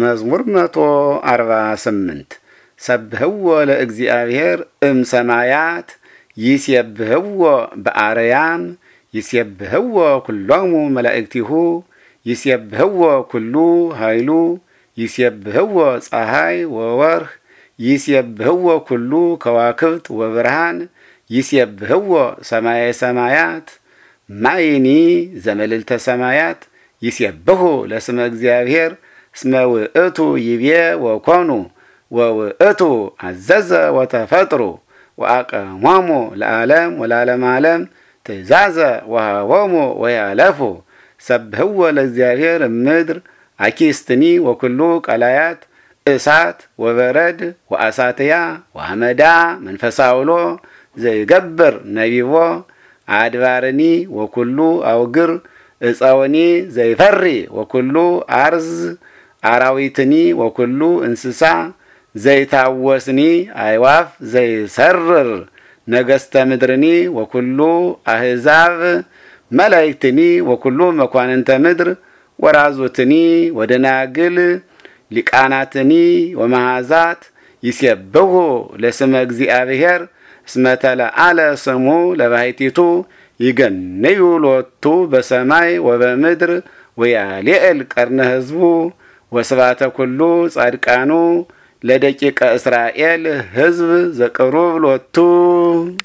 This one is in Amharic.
መዝሙር መቶ አርባ ስምንት ሰብህዎ ለእግዚአብሔር እም ሰማያት ይሴብህዎ በአርያም ይሴብህዎ ኩሎሙ መላእክቲሁ ይሴብህዎ ኩሉ ኃይሉ ይሴብህዎ ፀሐይ ወወርህ ይሴብህዎ ኩሉ ከዋክብት ወብርሃን ይሴብህዎ ሰማየ ሰማያት ማይኒ ዘመልልተ ሰማያት ይሴብሁ ለስመ እግዚአብሔር እስመ ውእቱ ይቤ ወኮኑ ወውእቱ አዘዘ ወተፈጥሩ ወአቀሞሙ ለዓለም ወላለም ዓለም ትእዛዘ ወሃቦሙ ወያለፉ ሰብህወ ለእግዚአብሔር እምድር አኪስትኒ ወኩሉ ቀላያት እሳት ወበረድ ወአሳትያ ወአመዳ መንፈሳውሎ ዘይገብር ነቢቦ አድባርኒ ወኩሉ አውግር እፀውኒ ዘይፈሪ ወኩሉ አርዝ አራዊትኒ ወኩሉ እንስሳ ዘይታወስኒ አይዋፍ ዘይሰርር ነገስተ ምድርኒ ወኩሉ አህዛብ መላእክትኒ ወኩሉ መኳንንተ ምድር ወራዙትኒ ወደናግል ሊቃናትኒ ወመሃዛት ይሴብሑ ለስመ እግዚአብሔር እስመ ተለዓለ ስሙ ለባሕቲቱ ይገነዩ ሎቱ በሰማይ ወበምድር ወያሌዕል ቀርነ ሕዝቡ ወስባተ ኩሉ ጻድቃኑ ለደቂቀ እስራኤል ህዝብ ዘቅሩብ ሎቱ